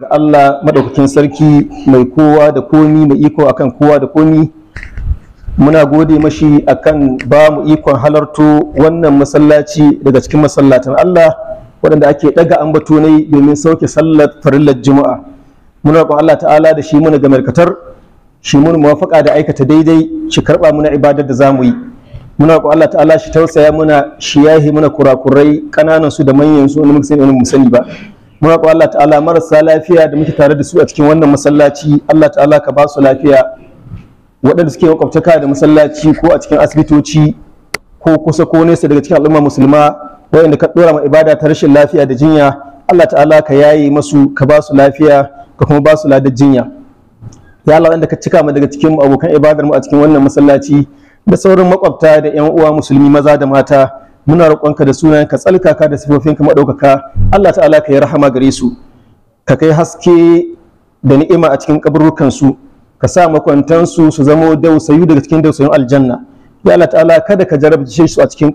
ga Allah madaukakin sarki mai kowa da komi mai iko akan kowa da komi muna gode mashi akan ba mu ikon halarto wannan masallaci daga cikin masallatan Allah waɗanda ake ɗaga ambato ne domin sauke sallar farillar juma'a muna roƙon Allah ta'ala da shi muna ga markatar shi mun muwafaqa da aikata daidai shi karɓa muna ibadar da zamu yi muna roƙon Allah ta'ala shi tausaya muna shi yahi muna kurakurai kananan su da manyan su wanda mu sani ba muna roƙon Allah ta'ala marasa lafiya da muke tare da su a cikin wannan masallaci Allah ta'ala ka ba su lafiya waɗanda suke makwabtaka da masallaci ko a cikin asibitoci ko kusa ko nesa daga cikin al'umma musulma waɗanda ka ɗora ma ibada ta rashin lafiya da jinya Allah ta'ala ka yaye masu ka ba su lafiya ka kuma ba su ladar jinya ya Allah waɗanda ka cika mu daga cikin abokan ibadar mu a cikin wannan masallaci da sauran makwabta da 'yan uwa musulmi maza da mata muna roƙonka da sunan ka tsalkaka da ka maɗaukaka Allah ta'ala ka yi rahama gare su ka kai haske da ni'ima a cikin su ka sa makwantan su zamo dausayu daga cikin dausayin aljanna ya Allah ta'ala kada ka jarabce su a cikin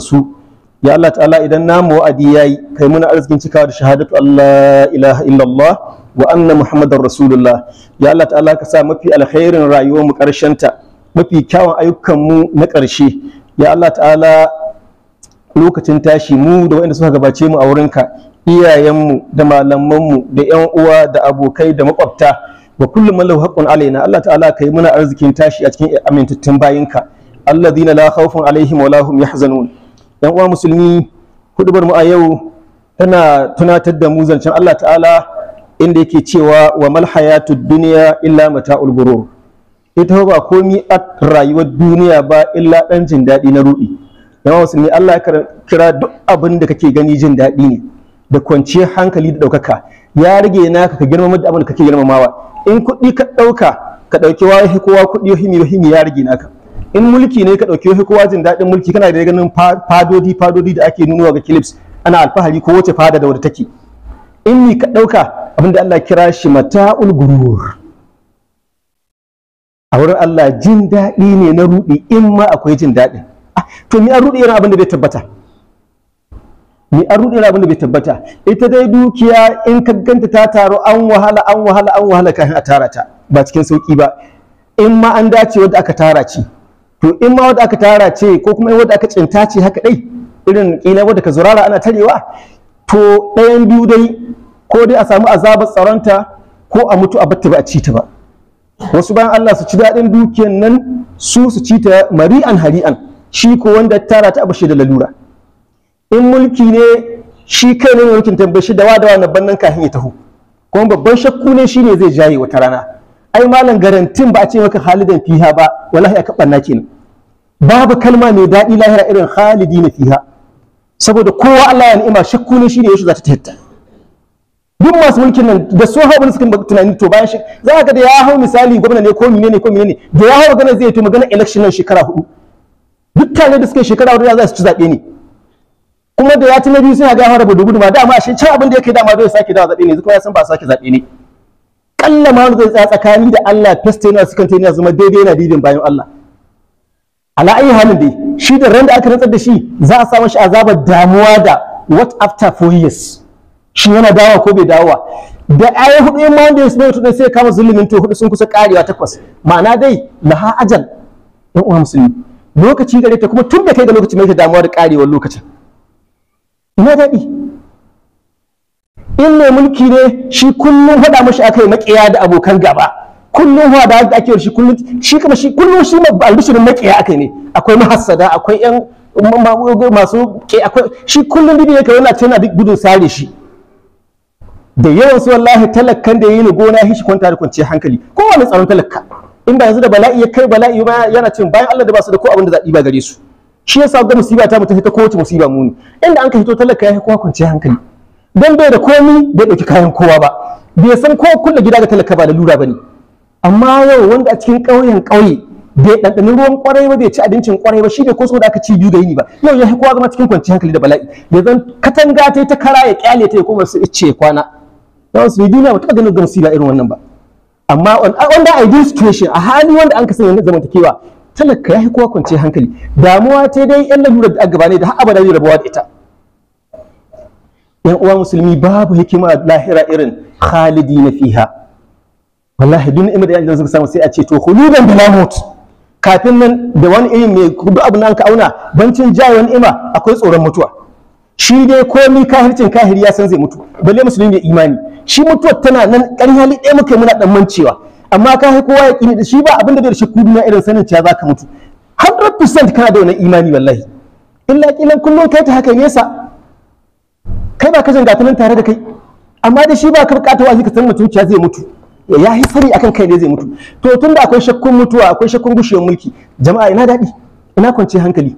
su ya Allah ta'ala idan namu wa'adi yayi kai muna arzikin cikawa da shahadatu Allah ilaha illallah wa anna muhammadar rasulullah ya Allah ta'ala ka sa mafi alkhairin rayuwar mu karshen ta mafi kyawun ayyukan mu na ƙarshe ya Allah ta'ala lokacin tashi mu da waɗanda suka gabace mu a wurinka iyayenmu da malamanmu da yan uwa da abokai da makwabta wa kullum man haqqun alaina Allah ta'ala kai muna arzikin tashi a cikin amintattun bayinka alladhina la khawfun alaihim wa lahum yahzanun yan uwa musulmi hudubar mu a yau tana tunatar da mu zancen Allah ta'ala inda yake cewa wa mal hayatud dunya illa mata'ul ghurur ita ba komi a rayuwar duniya ba illa dan jin daɗi na ruɗi yawa musulmi Allah ya kira duk abin da kake gani jin daɗi ne da kwanciyar hankali da ɗaukaka ya rage naka ka girmama da abin da kake girmamawa in kuɗi ka ɗauka ka ɗauki wahi kowa kuɗi wahimi wahimi ya rage naka in mulki ne ka ɗauki wahi kowa jin daɗin mulki kana da ganin fadodi fadodi da ake nunuwa ga clips ana alfahari ko wace fada da wadda take in ni ka ɗauka abinda Allah kira shi mata'ul gurur a wurin Allah jin daɗi ne na ruɗi in ma akwai jin daɗin to mi an ruɗe abin da bai tabbata mi an ruɗe abin da bai tabbata ita dai dukiya in ka ganta ta taro an wahala an wahala an wahala kafin a tara ta ba cikin sauki ba in ma an dace wadda aka tara ce to in ma wadda aka tara ce ko kuma wadda aka cinta ce haka dai irin kila wadda ka zurara ana tarewa to ɗayan biyu dai ko dai a samu azabar tsaronta ko a mutu a batta ba a ci ba wasu bayan Allah su ci daɗin dukiyan nan su su ci ta mari'an hari'an shi ko wanda tara ta abu shi da lalura in mulki ne shi kai ne mulkin tambaye shi da wa da wa nabban nan kafin ya taho kuma babban shakku ne ne zai jaye wata rana ai malam garantin ba a ce maka halidan fiha ba wallahi aka banna kenan babu kalma mai daɗi lahira irin halidina fiha saboda kowa Allah ya ni'ima shakku ne ne yaushe za ta tahta duk masu mulkin nan da sun hau suka tunani to bayan shi za ka ga da ya hau misali gwamna ne ko menene ko menene da ya hau magana zai yi to magana election nan shekara hudu mutane da suke shekara wurin za su ci zaɓe ne kuma da ya ci na biyu suna gaya ya fara gudu guduma dama shi can abin da yake dama zai sake dawa zaɓe ne kuma ya san ba sake zaɓe ne kalla ma zai tsaya tsakani da Allah festa yana sukan ta yana zama daidai yana didin bayan Allah ala ayi halin dai shi da ran da aka rantsar da shi za a samu shi azabar damuwa da what after four years shi yana dawa ko bai dawa? da ayi hudu in ma wanda ya sanar da sai kama zulumin to hudu sun kusa karewa takwas ma'ana dai laha ajal ɗan uwa musulmi lokaci gare ta kuma tun da kai da lokaci mai ta damuwa da karewar lokacin ina daɗi in mai mulki ne shi kullum faɗa mashi aka yi maƙiya da abokan gaba kullum faɗa da ake shi kullum shi kuma shi kullum shi albishirin maƙiya aka ne akwai mahassada akwai yan masu ke akwai shi kullum bibi ne kawai tana duk gudun sare shi da yawan su wallahi talakkan da yi ni gona shi kwanta da kwanciyar hankali kowane tsaron talakka inda yanzu da bala'i ya kai bala'i ma yana cin bayan Allah da ba su da ko abin da zaɓi ba gare su shi yasa ga musiba ta mutum ta kowace musiba muni inda an ka fito talaka ya kowa kwanciyar hankali dan bai da komi bai ɗauki kayan kowa ba bai san ko kulle gida ga talaka ba da lura bane amma yau wanda a cikin ƙauyen ƙauye bai ɗanɗanin ruwan ƙwarai ba bai ci abincin ƙwarai ba shi ne ko saboda aka ci biyu ga yini ba yau ya kowa zama cikin kwanciyar hankali da bala'i ya zan katanga ta ta kara ya ƙyale ta ya koma su ice kwana yawan su bai duniya ba taɓa ganin ga musiba irin wannan ba amma wanda ideal situation a hali wanda an ka sanya na zamantakewa talaka ya fi kowa kwance hankali damuwa ta dai yan lalura da aka ne da har abada zai rabuwa da ita yan uwa musulmi babu hikima lahira irin khalidi na fiha wallahi duk ni'imar da yanzu samu sai a ce to khuludan bila mut kafin nan da wani irin mai abu nan ka auna bancin jawon ima, akwai tsoron mutuwa shi dai komi kahircin kahiri ya san zai mutu balle musulmi mai imani shi mutuwar tana nan ƙarfi hali ɗaya muka muna ɗan mancewa amma ka kowa ya ƙini shi ba abin da zai shakku duniya irin sanin cewa zaka mutu 100% kana da wani imani wallahi illa kilan kullum kai ta haka yasa? kai ba ka janga nan tare da kai amma da shi ba ka bukata wa ka san mutum cewa zai mutu ya yi sani akan kai ne zai mutu to tunda akwai shakkun mutuwa akwai shakkun gushewar mulki jama'a ina daɗi ina kwance hankali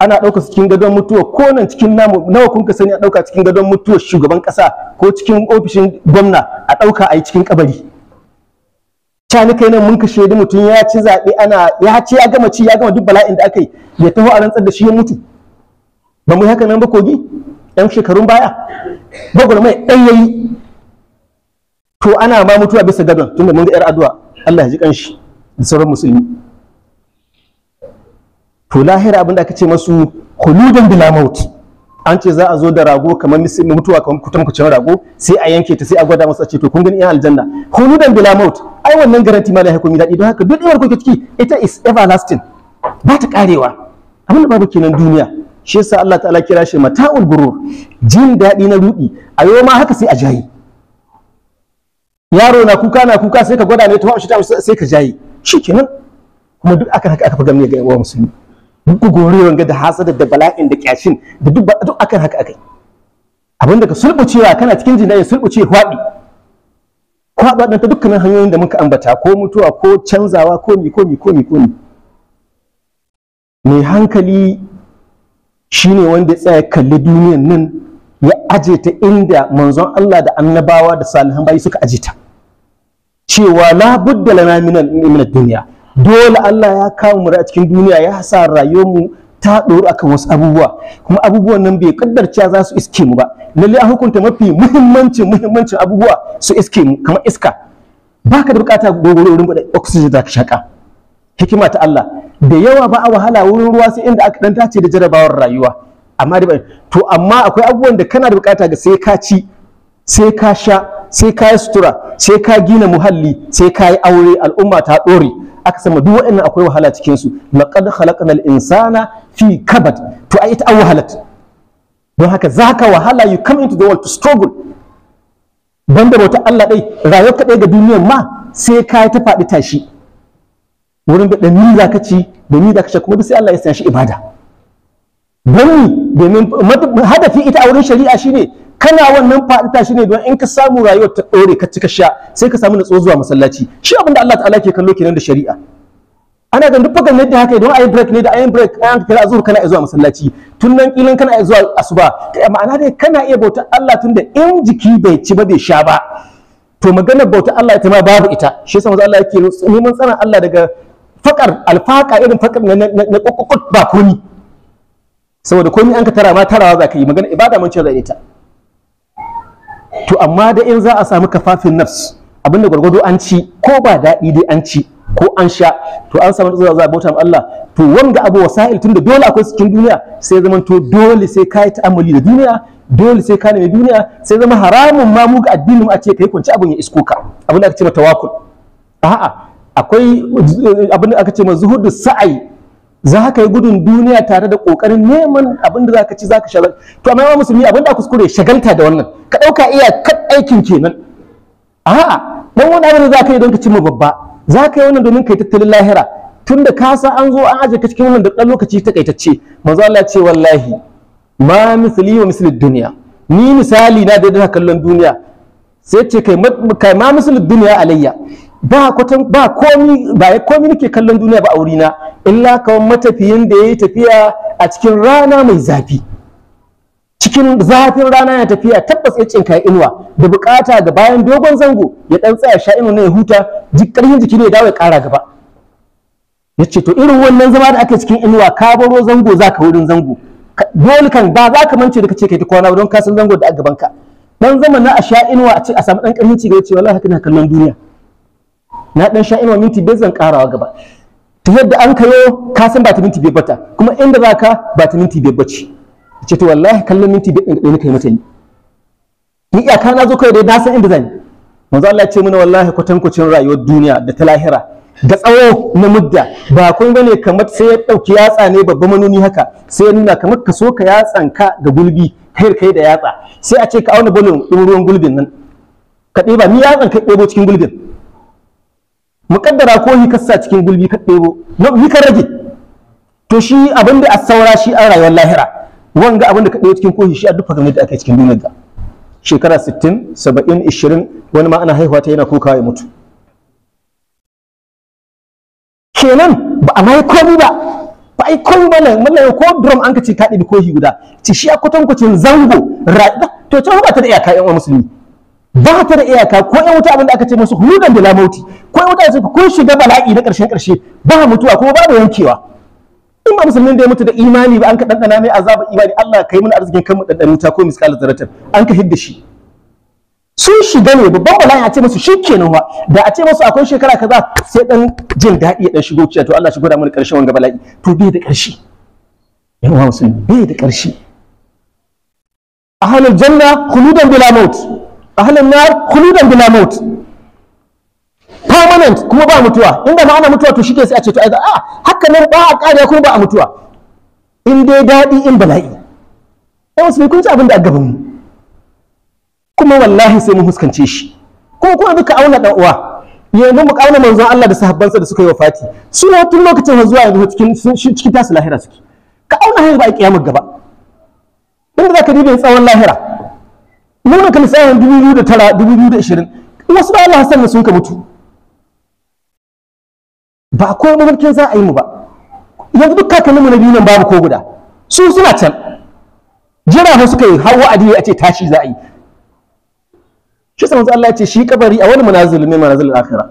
ana ɗauka cikin gadon mutuwa ko nan cikin namu nawa kun ka sani a ɗauka cikin gadon mutuwa shugaban ƙasa ko cikin ofishin gwamna a ɗauka a yi cikin kabari cani kai nan mun ka shaidi mutum ya ci zaɓe ana ya ci ya gama ci ya gama duk bala'in da aka yi ya taho a rantsar da shi ya mutu ba mu haka nan ba kogi yan shekarun baya bagwar mai ɗan yayi to ana ma mutuwa bisa gadon tunda mun ga yar addu'a Allah ya ji kanshi da sauran musulmi to lahira abin da aka ce masu huludan bila maut an ce za a zo da rago kamar mutuwa kamar kutan kucin rago sai a yanke ta sai a gwada masa a ce to kun gani aljanna huludan bila maut ai wannan garanti ma lahira kun daɗi don haka duk iwar kuke ciki ita is everlasting ba ta karewa abin da babu kenan duniya shi yasa Allah ta'ala kira shi mata'ul gurur jin daɗi na rudi a yau ma haka sai a jayi yaro na kuka na kuka sai ka gwada ne ta shi ta sai ka jayi shikenan kuma duk akan haka aka fi gamne ga yawa musulmi gugorewan ga da hasa da bala'in da kyashin da duk duk akan haka akai abinda ka sulbucewa kana cikin jinai sulbuce hwaɗi kwaɗa ta dukkanin hanyoyin da muka ambata ko mutuwa ko canzawa ko mi ko mi ko mi ko mi mai hankali shine wanda ya tsaya kalli duniyan nan ya aje ta inda manzon Allah da annabawa da salihan bayi suka aje ta cewa la budda lana min duniya dole Allah ya kawo mu a cikin duniya ya hasa mu ta ɗoru akan wasu abubuwa kuma abubuwan nan bai kaddarciya za su iske mu ba lalle a hukunta mafi muhimmancin muhimmancin abubuwa su iske mu kamar iska baka da bukata gogoro wurin bude oxygen da ka shaka hikima ta Allah da yawa ba a wahala wurin ruwa sai inda aka dan tace da jarabawar rayuwa amma da to amma akwai abubuwan da kana da bukata ga sai ka ci sai ka sha sai ka yi sutura sai ka gina muhalli sai ka yi aure al'umma ta ɗore aka sama duk waɗannan akwai wahala cikin su laqad khalaqnal insana fi kabad to ai ita awhalat wahala. don haka zaka wahala you come into the world to struggle banda bauta Allah dai rayuwar ka ga duniyar ma sai ka ta faɗi tashi wurin da ni zaka ci da ni zaka sha kuma sai Allah ya sanya shi ibada don domin hadafi ita a wurin shari'a shine kana wannan faɗita shi ne don in ka samu rayuwar ta ɗore ka cika sha sai ka samu natsuwa zuwa masallaci shi abin da Allah ta'ala ke kallo kenan da shari'a ana ganin duk fakan yadda haka idan ayin break ne da ayin break an ka azur kana zuwa masallaci tun nan kilan kana zuwa asuba ma'ana dai kana iya bautar Allah tun da in jiki bai ci ba bai sha ba to magana bautar Allah ita ma babu ita shi yasa manzo Allah yake neman tsana Allah daga fakar alfaka irin fakar na na kokokot ba komi saboda komi an ka tara ma tarawa za magana ibada mun ce za ita to amma da in za a samu kafafin nafs abinda gwargwado an ci ko ba daɗi dai an ci ko an sha to an samu tsara za a bauta Allah to wanga abu wasa'il tunda dole akwai cikin duniya sai zaman to dole sai ka yi ta'amuli da duniya dole sai ka nemi duniya sai zama haramun ma mu ga addinin a ce kai kwanci abin ya isko ka abin da aka ce ma tawakul. a'a akwai eh, abin aka ce ma zuhudu sa'ai za ka yi gudun duniya tare da ƙoƙarin neman abin da za ka ci za ka shagal to amma yawan musulmi abin da kuskure shagalta da wannan ka ɗauka iya kat aikin kenan A dan wani abin da za ka yi don ka cimma babba za ka yi wannan domin ka yi tattalin lahira tun da ka san an zo an aje ka cikin wannan da ɗan lokaci ta ce. manzo Allah ce wallahi ma misli wa misli duniya ni misali na daidai kallon duniya sai ce kai ma misli duniya alayya ba kwatan ba komi ba komi nake kallon duniya ba a wurina illa kawai matafiyin da ya yi tafiya a cikin rana mai zafi cikin zafin rana ya tafiya tabbas ya cinka inuwa da bukata ga bayan dogon zango ya dan tsaya sha inuwa na ya huta karfin jiki ne ya dawo ya kara gaba ya ce to irin wannan zama da ake cikin inuwa ka baro zango za ka wurin zango dole kan ba za ka mance da kace kai ta kwana don ka san zango da a gaban ka dan zama na a sha inuwa a ce a samu dan karfin ci ga ya ce wallahi haka na kallon duniya na dan sha inuwa minti bai zan karawa gaba ta da an kayo ka san ba ta minti biyar bata kuma inda za ka ba ta minti biyar bace ce to wallahi kallon minti biyar ɗin yi mata ni ni iyaka na zo kawai dai na san inda zan manzo Allah ya ce mana wallahi kwatankwacin rayuwar duniya da ta lahira da tsawo na mudda ba kun gane kamar sai ya ɗauki yatsa ne babban manoni haka sai ya nuna kamar ka so ka yatsan ka da gulbi kai kai da yatsa sai a ce ka auna bulun ruwan gulbin nan ka ɗeba ni yatsan ka ɗebo cikin gulbin muƙaddara ko hikarsa cikin gulbi ka ɗebo ka rage to shi abin da a saura shi a rayuwar lahira wanga abin da ka ɗebo cikin kohi shi a duka game da ake cikin duniyar da shekara 60 70 20 wani ma ana haihuwa ta yana kuka ya mutu kenan ba a mai komi ba ba a yi komi ba ne mallan ko drum an ka ce ka ɗebi kohi guda ci shi a kwatankwacin zango to can ba ta da iyaka yan uwa musulmi ba ta da iyaka ko ƴan wuta abin da aka ce musu huludan da lamauti ko ƴan wuta kun shiga bala'i na ƙarshen ƙarshe ba mutuwa kuma da yankewa in ba musulmin da ya mutu da imani ba an ka ɗanɗana mai azaba imani Allah kai mun arzikin kanmu ɗanɗana ta ko miskala zaratar an ka hidda shi sun shiga ne babban bala'i a ce musu shi kenan wa da a ce musu akwai shekara kaza sai dan jin daɗi ya dan shigo ciya to Allah shi gwada mana ƙarshen wanga bala'i to bai da ƙarshe yan uwa musulmi bai da ƙarshe ahlul janna khuludan bila maut ahlun nar khuludan bila maut permanent kuma ba mutuwa inda ma ana mutuwa to shike sai a ce to a haka nan ba a kare kuma ba a mutuwa in dai daɗi in bala'i ɗan musulmi kun abin da a gaban mu kuma wallahi sai mun huskance shi ko kuma duka auna ɗan uwa yanzu mu kauna manzon Allah da sahabbansa da suka yi Fati. suna tun lokacin zuwa yanzu cikin cikin tasu lahira suke ka auna hanyar ba a kiyamar gaba inda zaka dibe tsawon lahira mu da kan tsayin 2009 2020 wasu da Allah sanna sun ka mutu ba ko mafarkin za a yi mu ba yanzu duk kakanninmu na biyu nan babu ko guda su suna can jira fa suka yi har wa'adi a ce tashi za a yi shi sa manzo Allah ya ce shi kabari a wani manazil ne manazil al-akhirah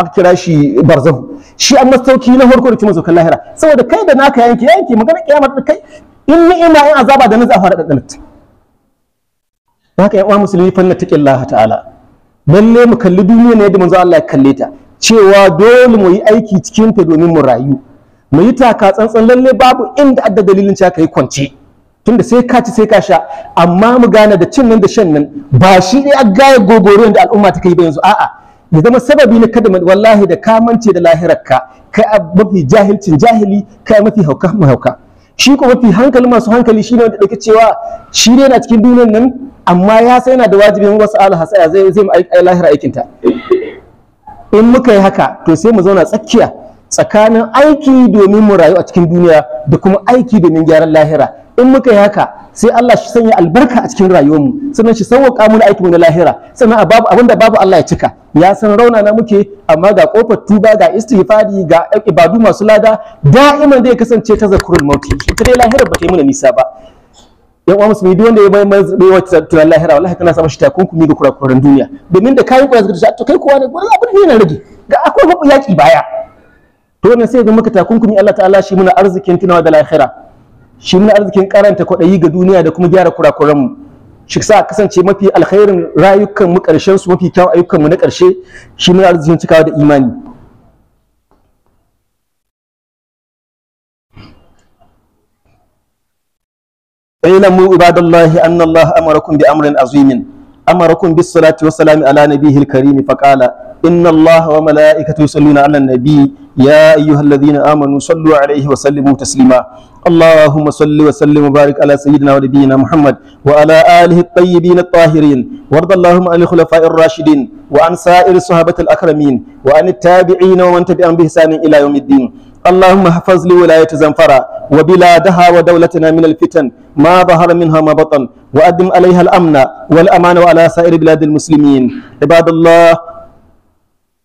aka kira shi barzahu shi an masauki na farko da kuma zukan lahira saboda kai da naka yanke yanke magana kiyamar da kai in ni'ima in azaba da nazafa da dalilta haka yan uwa musulmi fanna Allah ta'ala lalle mu kalli duniya ne da manzo Allah ya kalle ta cewa dole mu yi aiki cikin ta domin mu rayu mu yi taka tsantsan lalle babu inda adda dalilin cewa kai kwance tunda sai ka ci sai ka sha amma mu gane da cin nan da shan nan ba shi ne a gaya gogoro da al'umma ta kai ba yanzu a'a ya zama sababi na kada wallahi da ka kamance da lahirarka kai mafi jahilcin jahili kai mafi hauka hauka shi kuma fi hankali masu hankali shine wanda dake cewa shi ne na cikin duniyar nan amma ya sai yana da wajibin wasu alaha zai zai mu ai lahira aikin ta in muka yi haka to sai mu zauna tsakiya tsakanin aiki domin mu rayu a cikin duniya da kuma aiki domin gyaran lahira in muka yi haka sai Allah shi sanya albarka a cikin rayuwarmu sannan shi sauwaka mu aikin na lahira sannan babu abinda babu Allah ya cika ya san rauna na muke amma ga kofar tuba ga istighfari ga ibadu masu lada da'ima zai kasance ta zakurul mauti ita dai lahira ba ta yi mana nisa ba yan uwa musulmi duk wanda ya bai mai wata tunan lahira wallahi kana sa mashi takunkumi ga kurakuran duniya domin da kayan kuwa zaka to kai kowa ne wani abin ne yana rage ga akwai yaki baya to wannan sai ga muka takunkumi Allah ta'ala shi muna arzikin tunawa da lahira shi muna arzikin karanta kwaɗayi ga duniya da kuma gyara kurakuranmu shi sa kasance mafi alkhairin rayukan mu ƙarshen su mafi kyawun ayyukan mu na ƙarshe shi muna arzikin cikawa da imani اعلموا عباد الله ان الله امركم بامر عظيم امركم بالصلاه والسلام على نبيه الكريم فقال إن الله وملائكته يصلون على النبي يا أيها الذين آمنوا صلوا عليه وسلموا تسليما اللهم صل وسلم وبارك على سيدنا ونبينا محمد وعلى آله الطيبين الطاهرين وارض اللهم عن الخلفاء الراشدين وعن سائر الصحابة الأكرمين وعن التابعين ومن تبعهم بإحسان إلى يوم الدين اللهم احفظ لي ولاية زنفرة وبلادها ودولتنا من الفتن ما ظهر منها ما بطن وأدم عليها الأمن والأمان وعلى سائر بلاد المسلمين عباد الله